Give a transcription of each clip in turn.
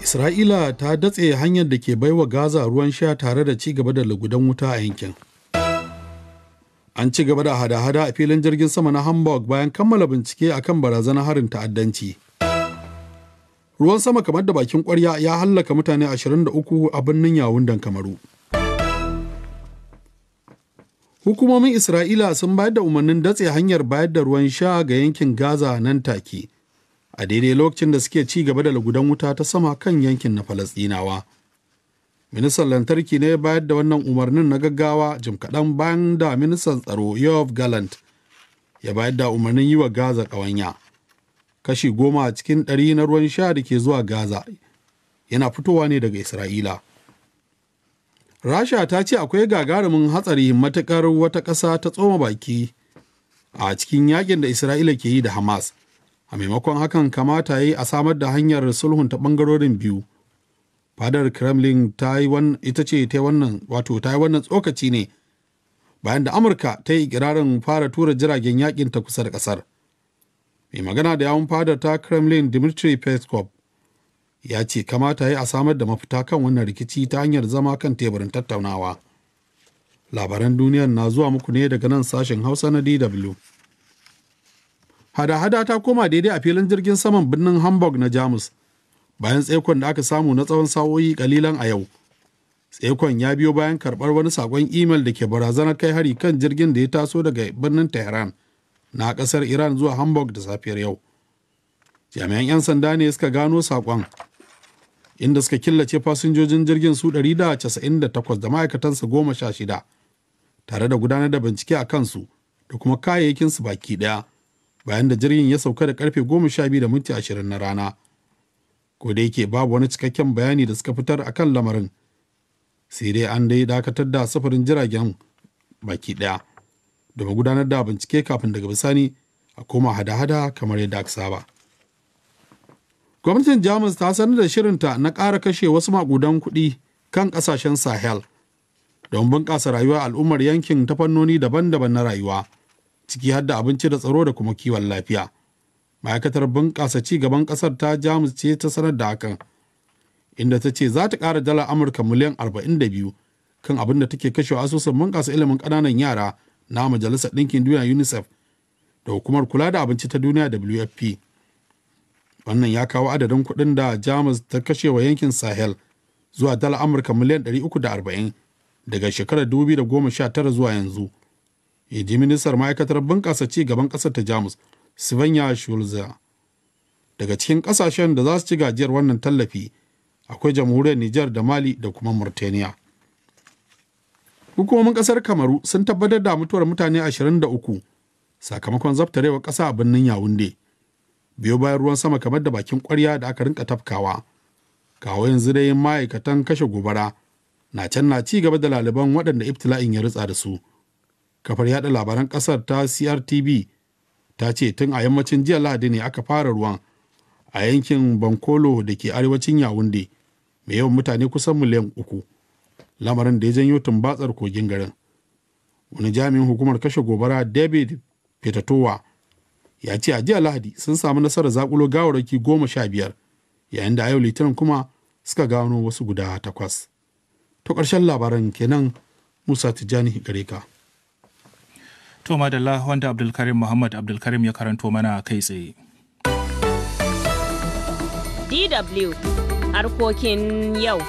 Isra'ila ta datse hanyar da ke baiwa Gaza ruwan sha tare da ci gaba da lugudan wuta a yankin. An ci gaba da hada-hada a filin jirgin sama na Hamburg bayan kammala bincike a kan barazanar harin ta'addanci. Ruwan sama kamar da bakin kwarya ya hallaka mutane 23 a birnin dan Kamaru. Hukumomin Isra'ila sun bayar da umarnin datse hanyar bayar da ruwan sha ga yankin Gaza nan take. a daidai lokacin da suke ci gaba da lagudan wuta ta sama kan yankin na Falasdinawa, ministan lantarki ne bayar da wannan umarnin na gaggawa jim kaɗan bayan da ministan tsaro yov galant ya bayar da umarnin yi wa gaza ƙawanya kashi goma a cikin ɗari na ruwan sha da ke zuwa gaza yana fitowa ne daga isra'ila rasha ta ce akwai gagarumin hatsari matuƙar wata ƙasa ta tsoma baki a cikin yakin da isra'ila ke yi da hamas a maimakon hakan kamata ya yi a samar da hanyar sulhunta ɓangarorin biyu fadar kremlin ta yi ita ce ta wannan wato ta yi wannan tsokaci ne bayan da amurka ta yi kirarin fara tura jiragen yakin ta kusa da ƙasar mai magana da yawon fadar ta kremlin dmitry peskov ya ce kamata yi a samar da mafita kan wannan rikici ta hanyar zama kan teburin tattaunawa labaran duniyar na zuwa muku ne daga nan sashen hausa na dw hada-hada ta koma daidai a filin jirgin saman birnin hamburg na jamus bayan tsaikon da aka samu na tsawon sa'o'i kalilan a yau tsaikon ya biyo bayan karbar wani sakon imel da ke barazanar kai hari kan jirgin da ya taso daga birnin tehran na kasar iran zuwa hamburg da safiyar yau jami'an 'yan sanda ne suka gano sakon inda suka killace fasinjojin jirgin su 198 da ma'aikatansa goma sha shida tare da gudanar da bincike a kansu da kuma kayayyakinsu baki ɗaya. bayan da jirgin ya sauka da karfe biyu da minti ashirin na rana ko da yake babu wani cikakken bayani da suka fitar akan lamarin sai dai an dai dakatar da safarin jiragen baki daya domin gudanar da bincike kafin daga bisani a koma hada-hada kamar yadda aka saba gwamnatin jamus ta sanar da shirinta na ƙara kashe wasu maƙudan kuɗi kan ƙasashen sahel don bunƙasa rayuwa, al'ummar yankin ta fannoni daban-daban na rayuwa ciki har da abinci da tsaro da kuma kiwon lafiya ma'aikatar bunƙasa ci gaban ƙasar ta jamus ce ta sanar da hakan inda ta ce za ta ƙara dala amurka miliyan biyu kan abin da take kashewa asusun bunƙasa ilimin ƙananan yara na majalisar ɗinkin duniya unicef da hukumar kula da abinci ta duniya wfp wannan ya kawo adadin kuɗin da jamus ta kashe wa yankin sahel zuwa dala amurka miliyan arba'in daga shekarar dubu da goma sha tara zuwa yanzu ji ministar ma'aikatar bunƙasa ci gaban ƙasar ta jamus svenja schulze daga cikin ƙasashen da za su ci gajiyar wannan tallafi akwai jamhuriyar Nijar da mali da kuma murtaniya hukumomin ƙasar kamaru sun tabbatar da mutuwar mutane ashirin da uku, sakamakon zaftarewa ƙasa a birnin yawunde biyo bayan ruwan sama kamar da bakin ƙwarya da aka rinka tafkawa kawo yanzu dai ma'aikatan kashe gobara na can na ci gaba da laliban waɗanda ibtila'in ya ritsa da su kafar yada labaran kasar ta crtv ta ce tun a yammacin jiya lahadi ne aka fara ruwan a yankin bankolo da ke arewacin yawunde mai yawan mutane kusan miliyan uku lamarin da ya janyo tumbatsar kogin garin wani jami'in hukumar kashe gobara david petatowa ya ce a jiya lahadi sun samu nasarar zakulo gawarraki goma sha biyar yayin da a yau litinin kuma suka gano wasu guda takwas to ƙarshen labaran kenan musa tijjani gare ka. To madalla wanda Abdulkarim Muhammad Abdulkarim ya karanto mana kai tsaye. DW harkokin yau.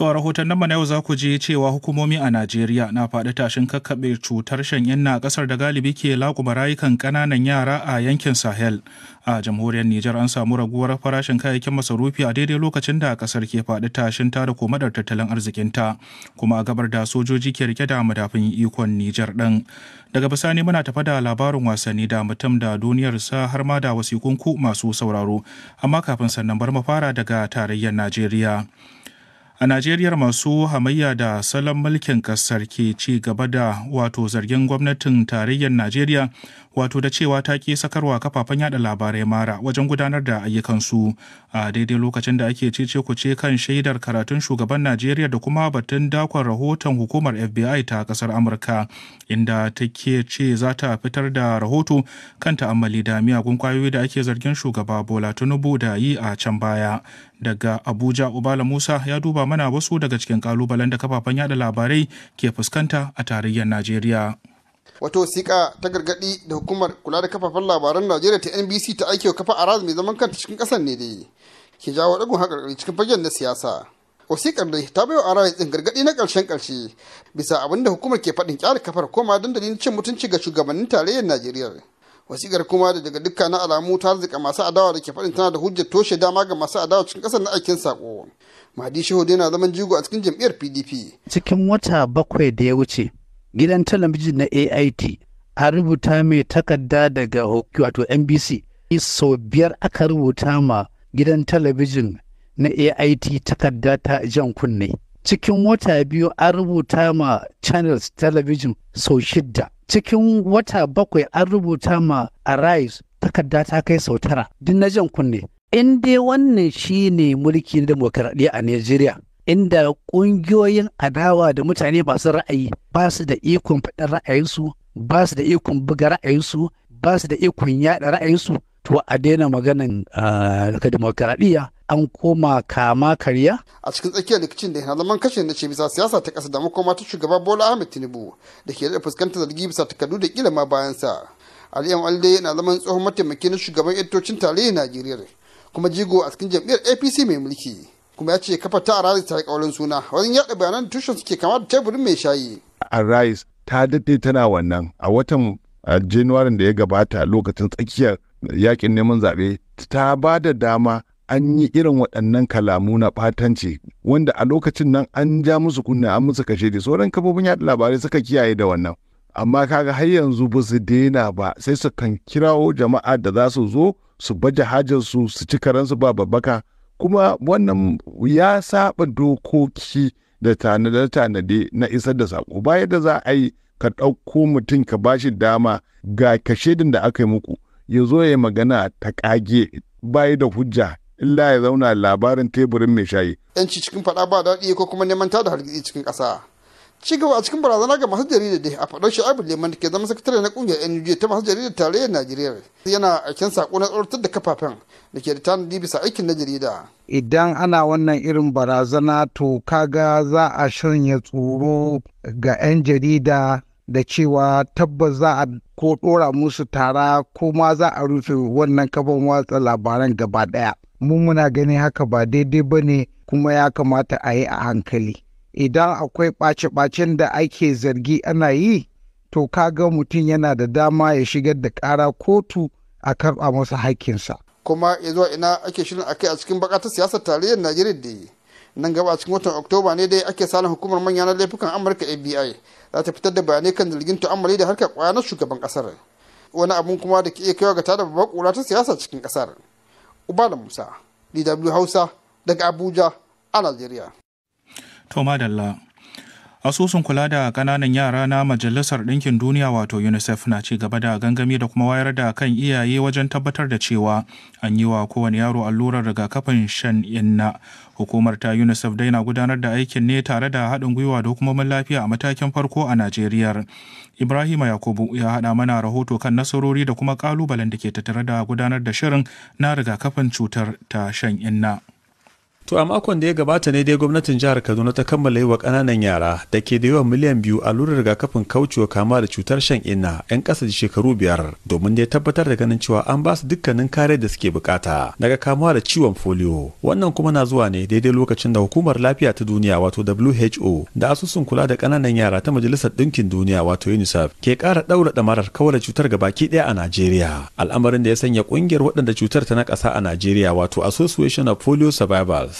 To a rahoton nan na yau za ku ji cewa hukumomi a Najeriya na faɗi tashin kakkaɓe cutar shan a ƙasar da galibi ke laƙuma rayukan ƙananan yara a yankin Sahel. A jamhuriyar Nijar an samu raguwar farashin kayayyakin masarufi a daidai lokacin da ƙasar ke faɗi tashin ta da komadar tattalin arzikinta kuma a gabar da sojoji ke rike da madafin ikon Nijar ɗin. Daga bisani muna tafa da labarin wasanni da mutum da duniyar sa har ma da wasikunku masu sauraro amma kafin sannan bar mu fara daga tarayyar Najeriya. A Najeriya masu hamayya da salon mulkin kasar ke ci gaba da wato zargin gwamnatin tarayyar Najeriya wato da cewa ta ke sakarwa kafafen yada labarai mara wajen gudanar da ayyukansu a daidai lokacin da ake cece ce kan shaidar karatun shugaban Najeriya da kuma batun dakon rahoton hukumar FBI ta kasar Amurka inda ta ke ce za ta fitar da rahoto kan ta'ammali da miyagun kwayoyi da ake zargin shugaba Bola Tinubu da yi a can baya. daga Abuja Ubala Musa ya duba mana wasu daga cikin kalubalen da kafafen yada labarai ke fuskanta a tarayyar Najeriya. Wato wasiƙa ta gargaɗi da hukumar kula da kafafen labaran Najeriya ta NBC ta aiki wa kafa a mai zaman kanta cikin ƙasar ne dai ke jawo ɗagun haƙarƙari cikin fagen na siyasa. Wasiƙar dai ta baiwa a ɗin gargaɗi na ƙarshen ƙarshe bisa abin da hukumar ke faɗin kyara kafar koma dandalin cin mutunci ga shugabannin tarayyar Najeriya. wasikar kuma da daga na alamu ta arzika masu adawa da ke faɗin tana da hujjar toshe dama ga masu adawa cikin ƙasar na aikin sako mahadi shehu yana zaman jigo a cikin jam'iyyar pdp cikin wata bakwai da ya wuce gidan talabijin na ait a rubuta mai takarda daga wato nbc sau biyar aka rubuta ma gidan talabijin na ait takarda ta jan kunne cikin wata biyu an rubuta ma channels talabijin sau shidda cikin wata bakwai an rubuta ma arise takarda ta kai sau tara duk na jan kunne in wannan shi ne mulki na demokaradiyya a Najeriya inda ƙungiyoyin adawa da mutane masu ra'ayi ba su da ikon faɗin ra'ayinsu ba su da ikon buga ra'ayinsu ba su da ikon yaɗa ra'ayinsu to a daina maganan ka demokaradiyya an koma kama karya a cikin tsakiyar rikicin da zaman kashe na ce bisa siyasa ta ƙasa da makoma ta shugaba bola ahmed tinubu da ke da fuskantar zargi bisa takardu da kila ma bayan sa aliyu alde yana zaman tsohon mataimaki na shugaban editocin tarayyar najeriya kuma jigo a cikin jam'iyyar apc mai mulki kuma ya ce kafa ta arise ta kaurin suna wajen yaɗa bayanan tushen suke kama da teburin mai shayi arise ta daɗe tana wannan a watan januwarin da ya gabata lokacin tsakiyar yakin neman zaɓe ta ba da dama an yi irin waɗannan kalamu na ɓatanci wanda a lokacin nan an ja musu kunna an musu kashe da sauran kafofin yaɗa labarai suka kiyaye da wannan amma kaga har yanzu ba su daina ba sai su kan kirawo jama'a da za su zo su baje hajarsu su ci karansu ba babbaka kuma wannan ya saba dokoki da tanade-tanade na isar da sako bayan da za a yi ka ɗauko mutum ka bashi dama ga kashedin da aka yi muku ya zo ya magana ta kage bayi da hujja illa ya zauna labarin teburin mai shayi. Yanci cikin faɗa ba daɗi ko kuma neman da hargitsi cikin ƙasa. Ci gaba a cikin barazana ga masu jarida da a faɗar Shu'aibu leman ke zama sakatare na ƙungiyar NUJ ta masu tare tarayyar Najeriya. Yana aikin saƙo na tsoratar da kafafen da ke da tanadi bisa aikin na jarida. Idan ana wannan irin barazana to kaga za a shirya tsoro ga 'yan jarida da cewa tabbas za a ko ɗora musu tara ko ma za a rufe wannan kafan watsa labaran gaba ɗaya. Mu muna ganin haka ba daidai ba ne kuma ya kamata a yi a hankali. Idan akwai ɓace-ɓacen da ake zargi ana yi, to ka ga mutum yana da dama ya shigar da ƙara kotu a karɓa masa haƙƙinsa. Kuma ya zuwa ina ake shirin a kai a cikin bakatar siyasar tarayyar Najeriya da yi. nan gaba a cikin watan oktoba ne dai ake salon hukumar manya na laifukan amurka abi za ta fitar da bayanai kan zargin tu'ammali da harkar kwaya shugaban kasar wani abun kuma da ke iya kaiwa ga tada babbar kura ta siyasa cikin kasar ubala musa dw hausa daga abuja a najeriya to madalla Asusun kula da kananan yara na Majalisar Ɗinkin Duniya wato UNICEF na ci gaba da gangami da kuma wayar da kan iyaye wajen tabbatar da cewa an yi wa kowane yaro allurar rigakafin shan inna. Hukumar ta UNICEF dai na gudanar da aikin ne tare da haɗin gwiwa da hukumomin lafiya a matakin farko a Najeriya. ibrahim Yakubu ya haɗa mana rahoto kan nasarori da kuma ƙalubalen da ke tattare da gudanar da shirin na rigakafin cutar ta shan inna. To a makon da ya gabata ne dai gwamnatin jihar Kaduna ta kammala yi wa ƙananan yara da ke da yawan miliyan biyu allurar rigakafin kaucewa kama da cutar shan inna 'yan ƙasa da shekaru biyar domin da ya tabbatar da ganin cewa an ba su dukkanin kare da suke bukata daga kamuwa da ciwon folio. Wannan kuma na zuwa ne daidai lokacin da hukumar lafiya ta duniya wato WHO da asusun kula da ƙananan yara ta majalisar ɗinkin duniya wato UNICEF ke ƙara ɗaura ɗamarar kawar da cutar baki ɗaya a Najeriya. Al'amarin da ya sanya ƙungiyar waɗanda cutar ta na ƙasa a Najeriya wato Association of Polio Survivors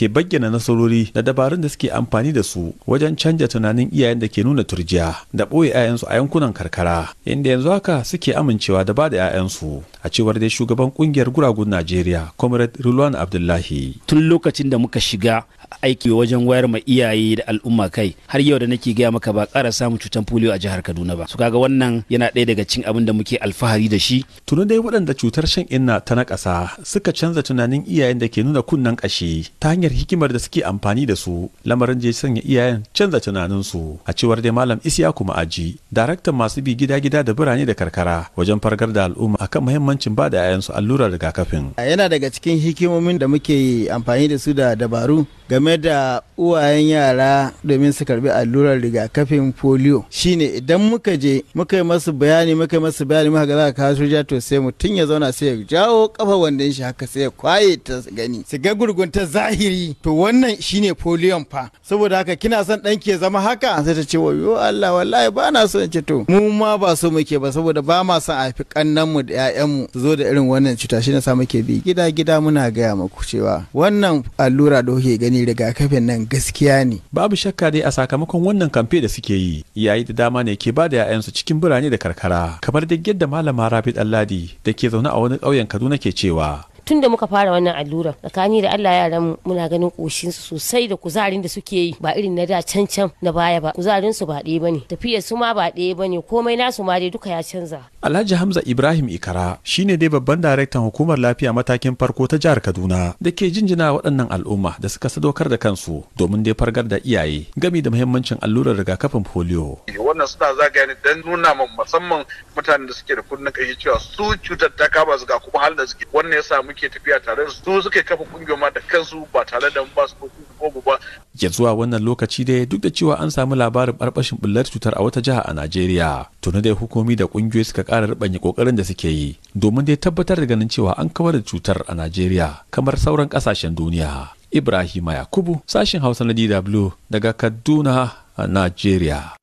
ke bayyana nasarori da dabarun da suke amfani da su wajen canja tunanin iyayen da ke nuna turjiya da ɓoye 'ya'yansu a yankunan karkara inda yanzu haka suke amincewa da ba da 'ya'yansu a cewar dai shugaban kungiyar guragun najeriya comrade rulwan abdullahi tun lokacin da muka shiga aiki wajen wayar ma iyaye da al'umma kai har yau da nake gaya maka ba ƙara samun cutar polio a jihar kaduna ba su kaga wannan yana ɗaya daga cikin abin da muke alfahari da shi tunu dai waɗanda cutar shan inna ta na ƙasa suka canza tunanin iyayen da ke nuna kunnen ƙashi ta hanyar hanyar hikimar da suke amfani da su lamarin je sanya iyayen canza tunaninsu a cewar dai malam kuma aji daraktan masu bi gida-gida da birane da karkara wajen fargar da al'umma akan muhimmancin ba da 'ya'yansu allurar rigakafin yana daga cikin hikimomin da muke amfani da su da dabaru game da uwayen yara domin su karbi allurar rigakafin polio shine idan muka je muka yi masu bayani muka yi masu bayani muka ga za ka kawo to sai mutum ya zauna sai ya jawo kafa wandon shi haka sai ya kwaye ta gani su ga gurgunta zahiri zahiri to wannan shine foliyon fa saboda haka kina son danki ya zama haka sai ta ce wa yo Allah wallahi ba na son ce to mu ma ba so muke ba saboda ba ma son a fi kannan mu da ƴaƴan mu su zo da irin wannan cuta shi na sa muke bi gida gida muna gaya muku cewa wannan allura da kuke gani rigakafin nan gaskiya ne babu shakka dai a sakamakon wannan kamfe da suke yi yayi da dama ne ke ba da su cikin birane da karkara kamar da yadda malama Rabi Alladi da ke zaune a wani ƙauyen Kaduna ke cewa tun da muka fara wannan allurar tsakani da Allah yaran muna ganin koshin su sosai da kuzarin da suke yi ba irin na da can can na baya ba kuzarin su ba ɗaya bane tafiyar su ma ba ɗaya ne, komai nasu ma dai duka ya canza Alhaji Hamza Ibrahim Ikara shine dai babban daraktan hukumar lafiya matakin farko ta jihar Kaduna da ke jinjina waɗannan al'umma da suka sadaukar da kansu domin dai fargar da iyaye gami da muhimmancin allurar rigakafin polio wannan suna zagaya ne don nuna musamman mutanen da suke da kunnen kashi cewa su cutar ta kama su ga kuma halin da suke wannan ya samu muke tafiya tare su suka kafa kungiyar ma da kansu ba tare da ba su ko ba ya zuwa wannan lokaci dai duk da cewa an samu labarin barbashin bullar cutar a wata jiha a Najeriya tuni dai hukumi da kungiyoyi suka ƙara rubanya kokarin da suke yi domin dai tabbatar da ganin cewa an kawar da cutar a Najeriya kamar sauran kasashen duniya Ibrahima Yakubu sashin Hausa na DW daga Kaduna a Najeriya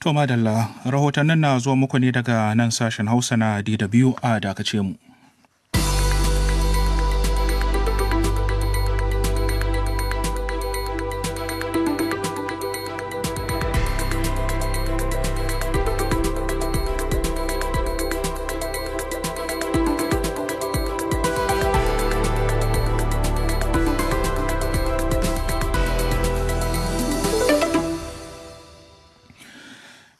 To madalla rahotannin na zuwa muku ne daga nan sashen Hausa na DW a dakace mu.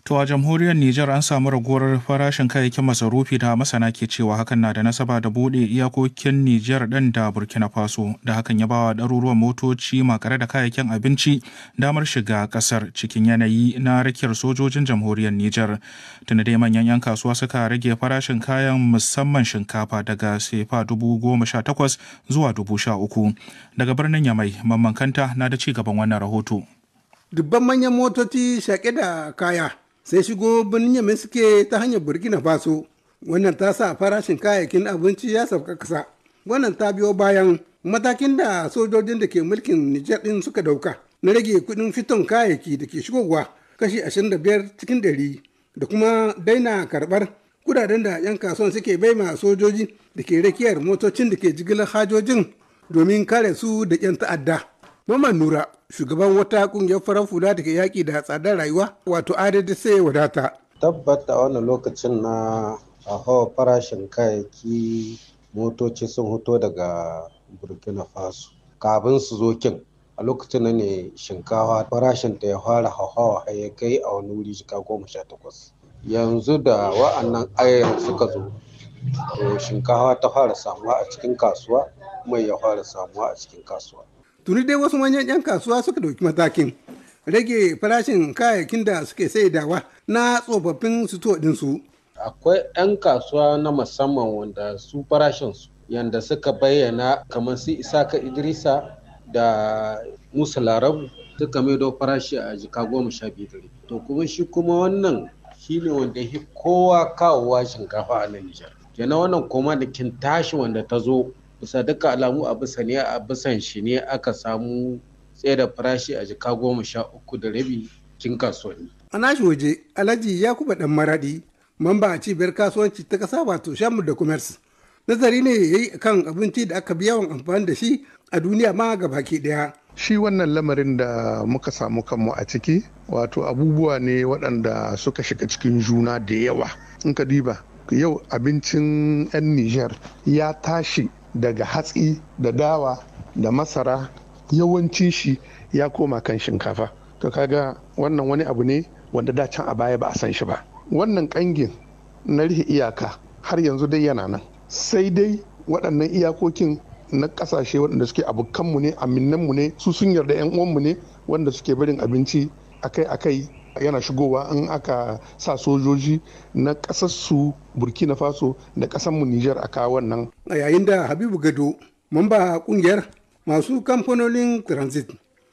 To a jamhuriyar Nijar an samu raguwar farashin kayayyakin masarufi da masana ke cewa hakan na da nasaba da bude iyakokin Nijar ɗin da Burkina Faso da hakan ya bawa ɗaruruwan motoci makare da kayayyakin abinci damar shiga kasar cikin yanayi na rakiyar sojojin jamhuriyar Nijar. Tuna dai manyan 'yan kasuwa suka rage farashin kayan musamman shinkafa daga sefa dubu goma sha takwas zuwa dubu sha uku. Daga birnin Yamai, Mamman Kanta na da ci gaban wannan rahoto. Dubban manyan motoci shaƙe da kaya sai shigo birnin yamin suke ta hanyar burkina faso wannan ta sa farashin kayayyakin abinci ya sauka kasa wannan ta biyo bayan matakin da sojojin da ke mulkin nijar din suka dauka na rage kudin fiton kayayyaki da ke shigowa kashi biyar cikin dari da kuma daina karbar kudaden da 'yan kasuwan suke bai baima sojoji da ke rakiyar motocin da ke jigilar hajojin domin kare su da 'yan ta'adda. Maman Nura shugaban wata kungiyar farar fula daga ke yaƙi da tsadar rayuwa wato adadi sai ya wadata. Tabbata wani lokacin na a hawa farashin kayayyaki motoci sun hoto daga Burkina Faso. Kafin su zo kin a lokacin na ne shinkawa farashin ta ya fara hauhawa ya kai a wani wuri jika goma sha takwas. Yanzu da wa'annan ayyan suka zo to shinkawa ta fara samuwa a cikin kasuwa mai ya fara samuwa a cikin kasuwa. tuni dai wasu manyan 'yan kasuwa suka dauki matakin rage farashin kayayyakin da suke saidawa na tsofaffin sito dinsu akwai 'yan kasuwa na musamman wanda su farashinsu yanda suka bayyana kamar su isaka idrisa da musa larabu suka maido farashi a jika goma sha biyu to kuma shi kuma wannan shine wanda kowa kawowa shinkafa a nan nijar kenan wannan koma da kin tashi wanda ta zo bisa dukkan alamu a bisa ne a bisan shi ne aka samu tsaye da farashi a jika goma sha uku da rabi cikin kasuwanni. a nashi waje alhaji ya yakuba ɗan maraɗi, mamba a cibiyar kasuwanci ta kasa wato shamu da commerce nazari ne ya yi kan abinci da aka bi yawan amfani da shi a duniya ma ga baki ɗaya. shi wannan lamarin da muka samu kanmu a ciki wato abubuwa ne waɗanda suka shiga cikin juna da yawa in ka diba yau abincin 'yan niger ya tashi daga hatsi da dawa da masara yawanci shi ya koma kan shinkafa to kaga wannan wani abu ne wanda da can a baya ba a san shi ba wannan kangin na rihe iyaka har yanzu dai yana nan sai dai waɗannan iyakokin na ƙasashe waɗanda suke abokanmu ne aminanmu ne su sun yarda 'yan uwanmu ne wanda suke barin abinci akai-akai yana shigowa in aka sa sojoji na ƙasarsu su burkina faso da ƙasar mu nijar a kawo wannan a yayin da habibu gado mamba kungiyar masu kamfanonin transit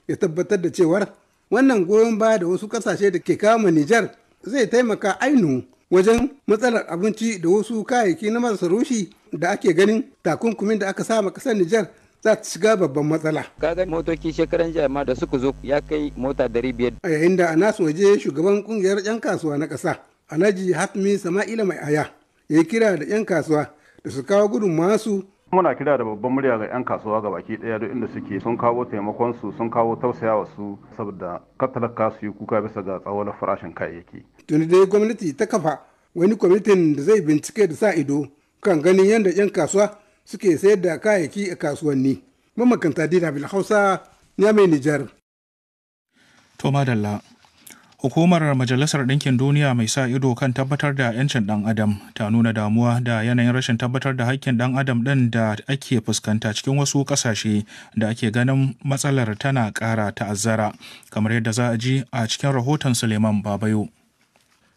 ya tabbatar da cewar wannan goyon baya da wasu kasashe da ke kama nijar zai taimaka ainu wajen matsalar abinci da wasu kayayyaki na masarushi da ake ganin takunkumin da aka sama kasar nijar za ta shiga babban matsala. ka ga motoci shekaran ma da suka zo ya kai mota dari biyar. A yayin da anas waje shugaban kungiyar 'yan kasuwa na ƙasa Alhaji Hatmi Sama'ila Mai Aya ya kira da 'yan kasuwa da su kawo gudun masu muna kira da babban murya ga 'yan kasuwa ga baki ɗaya duk inda suke sun kawo taimakon su sun kawo tausayawa su saboda katalaka su yi kuka bisa ga tsawon farashin kayayyaki. tuni dai gwamnati ta kafa wani kwamitin da zai bincike da sa ido kan ganin yadda 'yan kasuwa suke sayar da kayayyaki a kasuwanni. Mamakanta Dina Bil Hausa, mai Nijar. To madalla. Hukumar Majalisar Ɗinkin Duniya mai sa ido kan tabbatar da 'yancin ɗan adam ta nuna damuwa da yanayin rashin tabbatar da haƙƙin ɗan adam ɗin da ake fuskanta cikin wasu ƙasashe da ake ganin matsalar tana ƙara ta'azzara, kamar yadda za a ji a cikin rahoton Suleiman Babayo.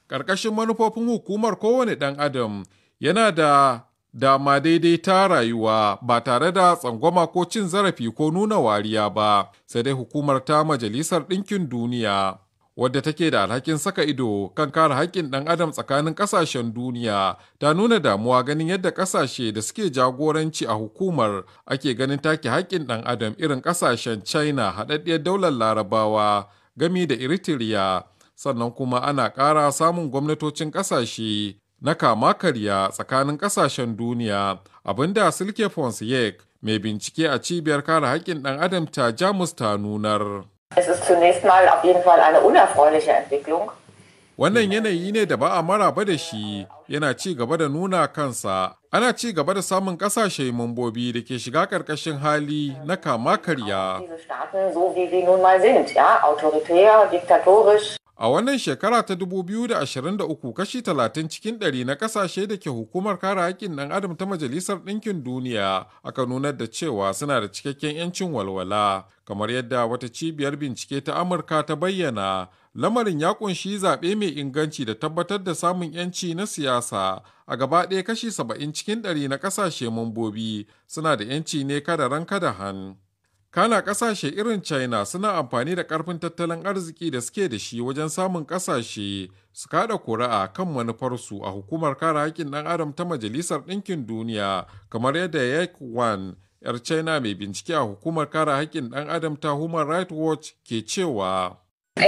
Ƙarƙashin manufofin hukumar kowane ɗan adam yana da da ma daidai ta rayuwa ba tare da tsangwama ko cin zarafi ko nuna wariya ba sai dai hukumar ta majalisar ɗinkin duniya wadda take da alhakin saka ido kan kare haƙƙin ɗan adam tsakanin ƙasashen duniya ta nuna damuwa ganin yadda ƙasashe da suke jagoranci a hukumar ake ganin take haƙƙin ɗan adam irin ƙasashen china haɗaɗɗiyar daular larabawa gami da eritrea sannan kuma ana ƙara samun gwamnatocin ƙasashe na kama karya tsakanin ƙasashen duniya abinda Silke Fonsiek mai bincike a cibiyar kare haƙƙin ɗan adam ta Jamus ta nunar. Wannan yanayi ne da ba a maraba da shi yana ci gaba da nuna kansa ana ci gaba da samun kasashe mambobi da ke shiga ƙarƙashin hali na kama karya. A wannan shekara ta 2023 kashi 30 cikin 100 na kasashe da ke hukumar kare haƙƙin ɗan adam ta Majalisar Ɗinkin Duniya aka nunar da cewa suna da cikakken 'yancin walwala. Kamar yadda wata cibiyar bincike ta Amurka ta bayyana, lamarin ya ƙunshi zaɓe mai inganci da tabbatar da samun 'yanci na siyasa. A gaba ɗaya kashi 70 cikin 100 na kasashe mambobi suna da 'yanci ne kada ran kada han. Kana kasashe irin China suna amfani da karfin tattalin arziki da suke da shi wajen samun kasashe su kada kuri'a kan manufarsu a hukumar kare haƙƙin ɗan adam ta Majalisar Ɗinkin Duniya kamar yadda Yak Wan 'yar China mai bincike a hukumar kare haƙƙin ɗan adam ta Human Rights Watch ke cewa. Uh,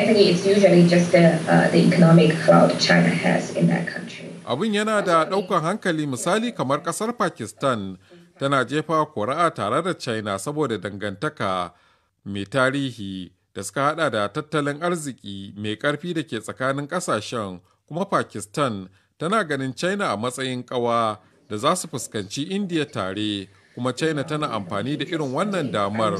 Abin yana da ɗaukar hankali misali kamar ƙasar Pakistan tana jefa kuri'a tare da china saboda dangantaka mai tarihi da suka hada da tattalin arziki mai karfi da ke tsakanin kasashen kuma pakistan tana ganin china a matsayin kawa da za su fuskanci indiya tare kuma china tana amfani da irin wannan damar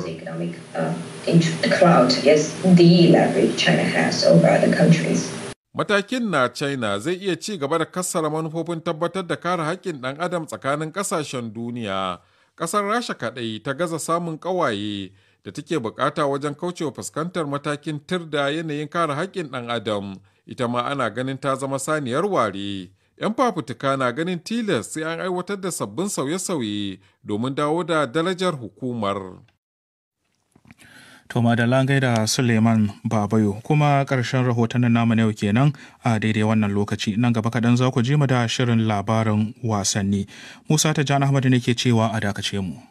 Matakin na China zai iya ci gaba da kassara manufofin tabbatar da kare haƙƙin ɗan adam tsakanin ƙasashen duniya. Ƙasar Rasha kaɗai ta gaza samun ƙawaye da take buƙata wajen kaucewa fuskantar matakin tirda yanayin kare haƙƙin ɗan adam. Ita ma ana ganin ta zama saniyar ware. 'Yan fafutuka na ganin tilas sai an aiwatar da sabbin sauye-sauye domin dawo da darajar hukumar. To langai da Suleiman Babayo kuma ƙarshen rahoton namu na yau kenan a daidai wannan lokaci nan gaba kaɗan za ku ji mu da shirin labarin wasanni. Musa ta Jan Ahmadu ne cewa a dakace mu.